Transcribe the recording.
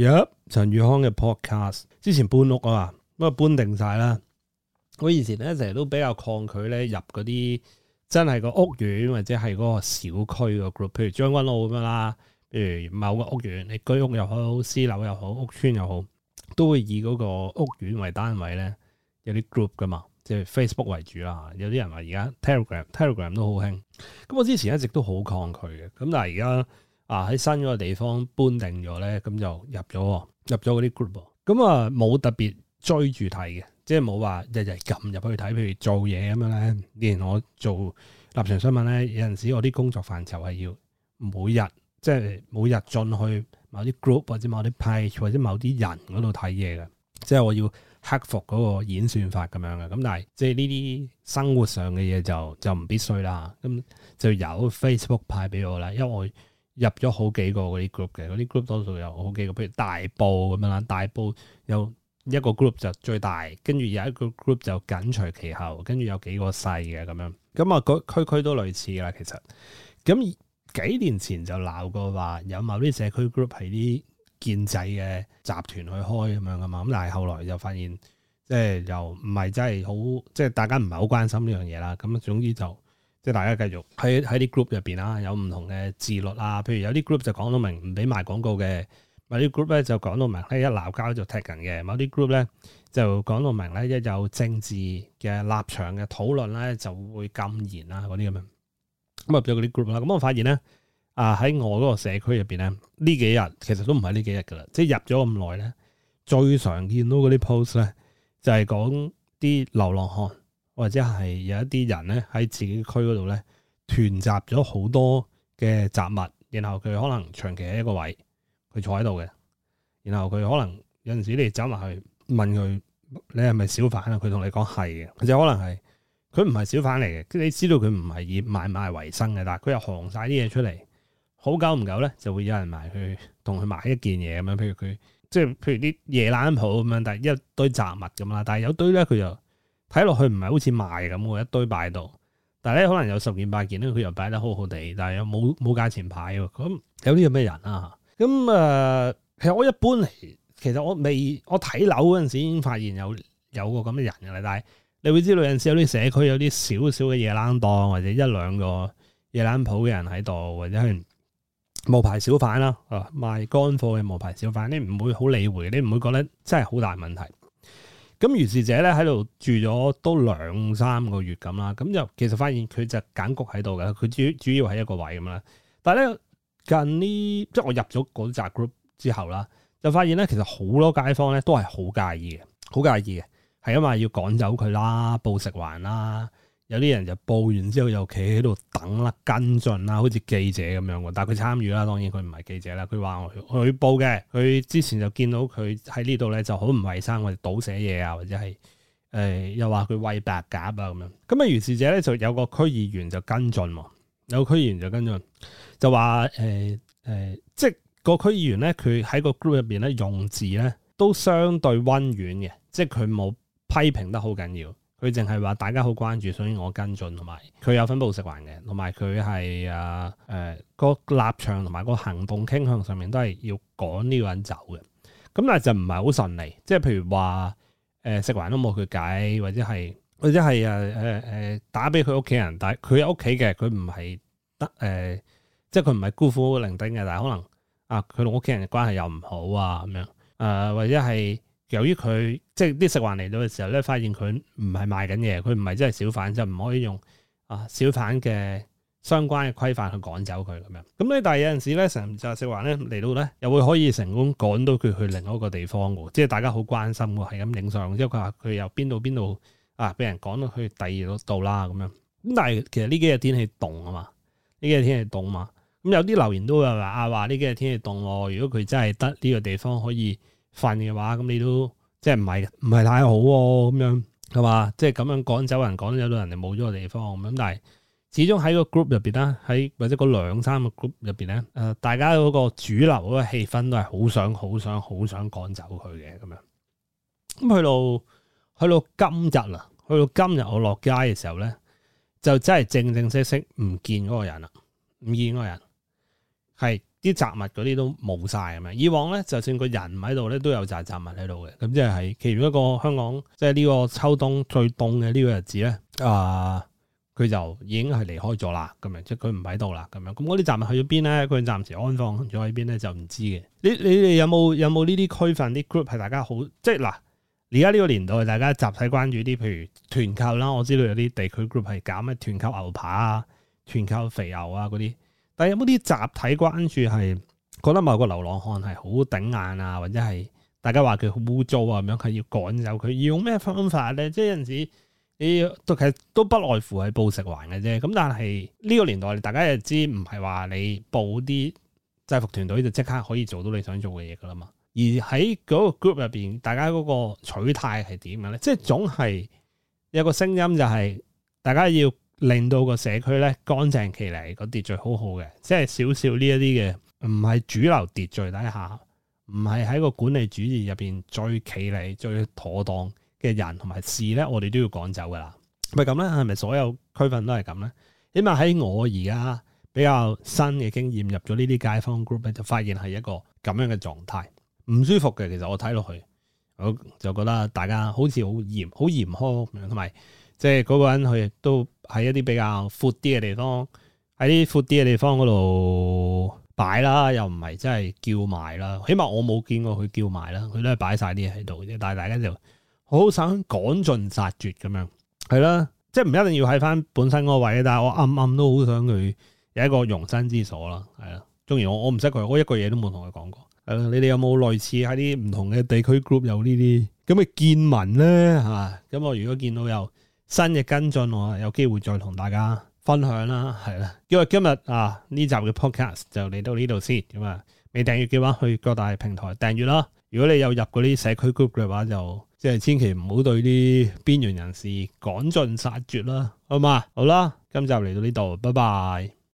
有、yep, 陳宇康嘅 podcast，之前搬屋啊嘛，咁啊搬定晒啦。我以前咧成日都比較抗拒咧入嗰啲真係個屋苑或者係嗰個小區嘅 group，譬如將軍澳咁樣啦，譬如某個屋苑，你居屋又好，私樓又好，屋邨又好，都會以嗰個屋苑為單位咧有啲 group 㗎嘛，即、就、係、是、Facebook 為主啦。有啲人話而家 Telegram Telegram 都好興，咁我之前一直都好抗拒嘅，咁但係而家。啊！喺新嗰個地方搬定咗咧，咁就入咗入咗嗰啲 group。咁、嗯、啊，冇、嗯、特別追住睇嘅，即係冇話日日撳入去睇。譬如做嘢咁樣咧，連我做立場新聞咧，有陣時我啲工作範疇係要每日即係每日進去某啲 group 或者某啲 page 或者某啲人嗰度睇嘢嘅，即係我要克服嗰個演算法咁樣嘅。咁但係即係呢啲生活上嘅嘢就就唔必須啦。咁就有 Facebook 派俾我啦，因為。入咗好幾個嗰啲 group 嘅，嗰啲 group 多數有好幾個，譬如大埔咁樣啦，大埔有一個 group 就最大，跟住有一個 group 就緊隨其後，跟住有幾個細嘅咁樣，咁啊區區都類似啦，其實。咁幾年前就鬧過話，有某啲社區 group 係啲建制嘅集團去開咁樣噶嘛，咁但係後來就發現，即係又唔係真係好，即係大家唔係好關心呢樣嘢啦。咁啊總之就。即係大家繼續喺喺啲 group 入邊啊，有唔同嘅自律啊，譬如有啲 group 就講到明唔俾賣廣告嘅，某啲 group 咧就講到明，一鬧交就踢人嘅，某啲 group 咧就講到明咧一有政治嘅立場嘅討論咧就會禁言啦，嗰啲咁樣。咁啊變咗嗰啲 group 啦，咁我發現咧啊喺我嗰個社區入邊咧呢幾日其實都唔係呢幾日噶啦，即係入咗咁耐咧，最常見到嗰啲 post 咧就係講啲流浪漢。或者係有一啲人咧喺自己區嗰度咧，囤集咗好多嘅雜物，然後佢可能長期喺一個位，佢坐喺度嘅。然後佢可能有陣時你走埋去問佢，你係咪小販啊？佢同你講係嘅，佢就可能係佢唔係小販嚟嘅。佢你知道佢唔係以買賣為生嘅，但係佢又行晒啲嘢出嚟，好久唔久咧就會有人埋去同佢買一件嘢咁樣。譬如佢即係譬如啲夜冷鋪咁樣，但係一堆雜物咁啦。但係有堆咧佢就。睇落去唔係好似賣咁喎，一堆擺度，但係咧可能有十件八件咧，佢又擺得好好地，但係又冇冇價錢牌。咁有啲個咩人啊？咁誒、呃，其實我一般嚟，其實我未我睇樓嗰陣時已經發現有有個咁嘅人嘅啦。但係你會知道，有陣時有啲社區有啲少少嘅夜冷檔，或者一兩個夜冷鋪嘅人喺度，或者係無牌小販啦，啊賣乾貨嘅無牌小販，你唔會好理會，你唔會覺得真係好大問題。咁如是者咧喺度住咗都兩三個月咁啦，咁就其實發現佢就建谷喺度嘅，佢主主要係一個位咁啦。但係咧近呢，近即係我入咗嗰集 group 之後啦，就發現咧其實好多街坊咧都係好介意嘅，好介意嘅，係因為要趕走佢啦，報食環啦。有啲人就報完之後又企喺度等啦，跟進啦，好似記者咁樣喎。但係佢參與啦，當然佢唔係記者啦。佢話佢報嘅，佢之前就見到佢喺呢度咧就好唔衞生，我哋倒瀉嘢啊，或者係誒、呃、又話佢餵白鴿啊咁樣。咁啊，於是者咧就有個區議員就跟進喎，有個區議員就跟進，就話誒誒，即係個區議員咧，佢喺個 group 入邊咧用字咧都相對溫婉嘅，即係佢冇批評得好緊要。佢淨係話大家好關注，所以我跟進同埋佢有分佈食環嘅，同埋佢係啊誒個立場同埋個行動傾向上面都係要趕呢個人走嘅。咁但係就唔係好順利，即係譬如話誒、呃、食環都冇佢計，或者係或者係啊誒誒打俾佢屋企人，但係佢有屋企嘅，佢唔係得誒，即係佢唔係孤苦伶仃嘅。但係可能啊佢同屋企人嘅關係又唔好啊咁樣，誒、呃、或者係。由於佢即係啲食環嚟到嘅時候咧，發現佢唔係賣緊嘢，佢唔係真係小販，就唔可以用啊小販嘅相關嘅規範去趕走佢咁樣。咁咧，但係有陣時咧，成日食環咧嚟到咧，又會可以成功趕到佢去另一個地方喎。即係大家好關心喎，係咁影相之後，佢話佢由邊度邊度啊，俾人趕到去第二度啦咁樣。咁但係其實呢幾日天氣凍啊嘛，呢幾日天氣凍啊嘛，咁、嗯、有啲留言都會話話呢幾日天氣凍喎。如果佢真係得呢個地方可以瞓嘅話，咁你都即係唔係唔係太好喎，啊，咁樣係嘛？即係咁樣趕走人，趕走到人哋冇咗個地方咁。但係始終喺個 group 入邊啦，喺或者嗰兩三個 group 入邊咧，誒、呃，大家嗰個主流嗰個氣氛都係好想、好想、好想趕走佢嘅咁樣。咁去到去到今日啦，去到今日我落街嘅時候咧，就真係正正式式唔見嗰個人啦，唔見嗰個人係。啲雜物嗰啲都冇晒。咁樣，以往咧就算個人唔喺度咧都有雜雜物喺度嘅，咁即係喺其中一個香港即係呢個秋冬最凍嘅呢個日子咧，啊、呃、佢就已經係離開咗啦，咁樣即係佢唔喺度啦，咁樣咁嗰啲雜物去咗邊咧？佢暫時安放咗喺邊咧就唔知嘅。你你哋有冇有冇呢啲區分啲 group 係大家好即係嗱，而家呢個年代大家集體關注啲譬如團購啦，我知道有啲地區 group 係搞咩團購牛扒啊、團購肥牛啊嗰啲。但有冇啲集體關注係覺得某個流浪漢係好頂眼啊，或者係大家話佢好污糟啊咁樣，佢要趕走佢要用咩方法咧？即係有陣時，你都其實都不外乎係報食環嘅啫。咁但係呢個年代，大家又知唔係話你報啲制服團隊就即刻可以做到你想做嘅嘢㗎喇嘛。而喺嗰個 group 入邊，大家嗰個取態係點嘅咧？即係總係有個聲音就係大家要。令到個社區咧乾淨企理，個秩序好好嘅，即係少少呢一啲嘅，唔係主流秩序底下，唔係喺個管理主義入邊最企理、最妥當嘅人同埋事咧，我哋都要趕走噶啦。咪咁咧？係咪所有區分都係咁咧？起碼喺我而家比較新嘅經驗，入咗呢啲街坊 group 咧，就發現係一個咁樣嘅狀態，唔舒服嘅。其實我睇落去，我就覺得大家好似好嚴、好嚴苛同埋。即係嗰個人，佢亦都喺一啲比較闊啲嘅地方，喺啲闊啲嘅地方嗰度擺啦，又唔係真係叫賣啦。起碼我冇見過佢叫賣啦，佢都係擺晒啲嘢喺度嘅啫。但係大家就好想趕盡殺絕咁樣，係啦，即係唔一定要喺翻本身嗰個位，但係我暗暗都好想佢有一個容身之所啦，係啦。當然我我唔識佢，我一個嘢都冇同佢講過。係啦，你哋有冇類似喺啲唔同嘅地區 group 有呢啲咁嘅見聞咧？嚇，咁我如果見到有……新嘅跟進喎，我有機會再同大家分享啦，係啦。因為今日啊呢集嘅 podcast 就嚟到呢度先，咁啊未訂閱嘅話，去各大平台訂閱啦。如果你有入嗰啲社區 group 嘅話，就即係千祈唔好對啲邊緣人士趕盡殺絕啦。好嘛，好啦，今集嚟到呢度，拜拜。